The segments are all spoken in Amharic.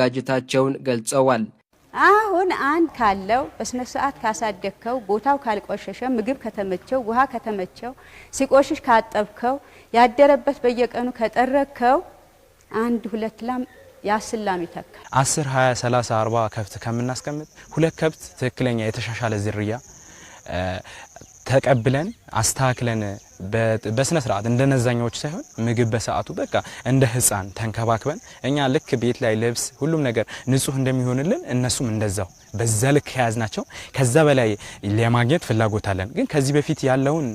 ጋጅታቸውን ገልጸዋል። አሁን አንድ ካለው በስነ ስርዓት ካሳደግከው ቦታው ካልቆሸሸ ምግብ ከተመቸው ውሃ ከተመቸው ሲቆሽሽ ካጠብከው ያደረበት በየቀኑ ከጠረከው አንድ ሁለት ላም የአስር ላም ይተካል። አስር ሀያ ሰላሳ አርባ ከብት ከምናስቀምጥ ሁለት ከብት ትክክለኛ የተሻሻለ ዝርያ ተቀብለን አስተካክለን በስነ ስርዓት እንደ ሳይሆን ምግብ በሰዓቱ በቃ እንደ ህፃን ተንከባክበን እኛ ልክ ቤት ላይ ልብስ፣ ሁሉም ነገር ንጹህ እንደሚሆንልን እነሱም እንደዛው በዛ ልክ ናቸው ከዛ በላይ ለማግኘት ፍላጎት አለን። ግን ከዚህ በፊት ያለውን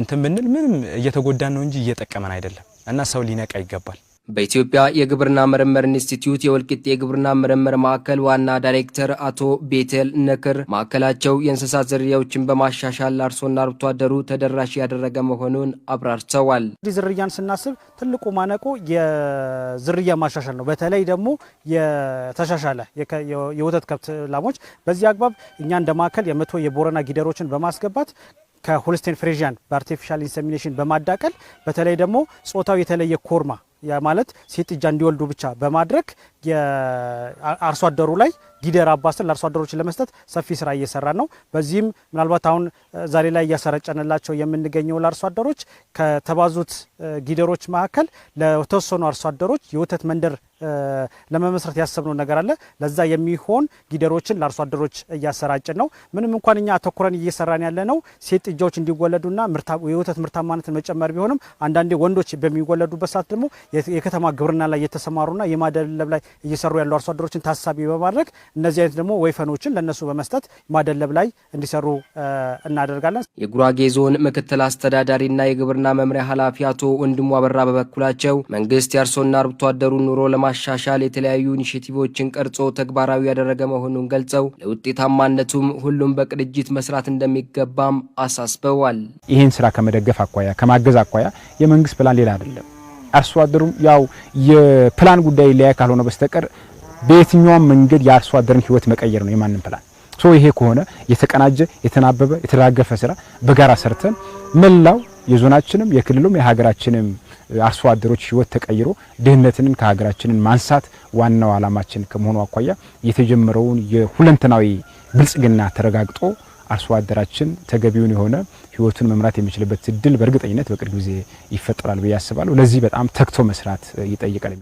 እንትን ብንል ምንም እየተጎዳን ነው እንጂ እየጠቀመን አይደለም እና ሰው ሊነቃ ይገባል። በኢትዮጵያ የግብርና ምርምር ኢንስቲትዩት የወልቂጤ የግብርና ምርምር ማዕከል ዋና ዳይሬክተር አቶ ቤቴል ነክር ማዕከላቸው የእንስሳት ዝርያዎችን በማሻሻል አርሶና አርብቶ አደሩ ተደራሽ ያደረገ መሆኑን አብራርተዋል። እንዲህ ዝርያን ስናስብ ትልቁ ማነቆ የዝርያ ማሻሻል ነው። በተለይ ደግሞ የተሻሻለ የወተት ከብት ላሞች። በዚህ አግባብ እኛ እንደ ማዕከል የመቶ የቦረና ጊደሮችን በማስገባት ከሆልስቴን ፍሬዥያን በአርቲፊሻል ኢንሰሚኔሽን በማዳቀል በተለይ ደግሞ ጾታው የተለየ ኮርማ ማለት ሴት ጥጃ እንዲወልዱ ብቻ በማድረግ የአርሶ አደሩ ላይ ጊደር አባስን ለአርሶ አደሮች ለመስጠት ሰፊ ስራ እየሰራ ነው። በዚህም ምናልባት አሁን ዛሬ ላይ እያሰረጨንላቸው የምንገኘው ለአርሶ አደሮች ከተባዙት ጊደሮች መካከል ለተወሰኑ አርሶ አደሮች የወተት መንደር ለመመስረት ያሰብነው ነገር አለ። ለዛ የሚሆን ጊደሮችን ለአርሶ አደሮች እያሰራጭን ነው። ምንም እንኳን እኛ አተኩረን እየሰራን ያለ ነው ሴት ጥጃዎች እንዲወለዱና የወተት ምርታማነትን መጨመር ቢሆንም አንዳንዴ ወንዶች በሚወለዱበት ሰዓት ደግሞ የከተማ ግብርና ላይ የተሰማሩና የማደለብ ላይ እየሰሩ ያሉ አርሶ አደሮችን ታሳቢ በማድረግ እነዚህ አይነት ደግሞ ወይፈኖችን ለእነሱ በመስጠት ማደለብ ላይ እንዲሰሩ እናደርጋለን። የጉራጌ ዞን ምክትል አስተዳዳሪና የግብርና መምሪያ ኃላፊ አቶ ወንድሙ አበራ በበኩላቸው መንግስት የአርሶና አርብቶ አደሩን ኑሮ ለማ ለማሻሻል የተለያዩ ኢኒሽቲቮችን ቀርጾ ተግባራዊ ያደረገ መሆኑን ገልጸው ለውጤታማነቱም ሁሉም በቅንጅት መስራት እንደሚገባም አሳስበዋል። ይህን ስራ ከመደገፍ አኳያ ከማገዝ አኳያ የመንግስት ፕላን ሌላ አይደለም። አርሶ አደሩም ያው የፕላን ጉዳይ ላይ ካልሆነ በስተቀር በየትኛውም መንገድ የአርሶ አደርን ህይወት መቀየር ነው የማንም ፕላን ሶ ይሄ ከሆነ የተቀናጀ የተናበበ የተራገፈ ስራ በጋራ ሰርተን መላው የዞናችንም የክልሉም የሀገራችንም አርሶ አደሮች ህይወት ተቀይሮ ድህነትንን ከሀገራችንን ማንሳት ዋናው አላማችን ከመሆኑ አኳያ የተጀመረውን የሁለንተናዊ ብልጽግና ተረጋግጦ አርሶ አደራችን ተገቢውን የሆነ ህይወቱን መምራት የሚችልበት እድል በእርግጠኝነት በቅርብ ጊዜ ይፈጠራል ብዬ አስባለሁ። ለዚህ በጣም ተግቶ መስራት ይጠይቃል።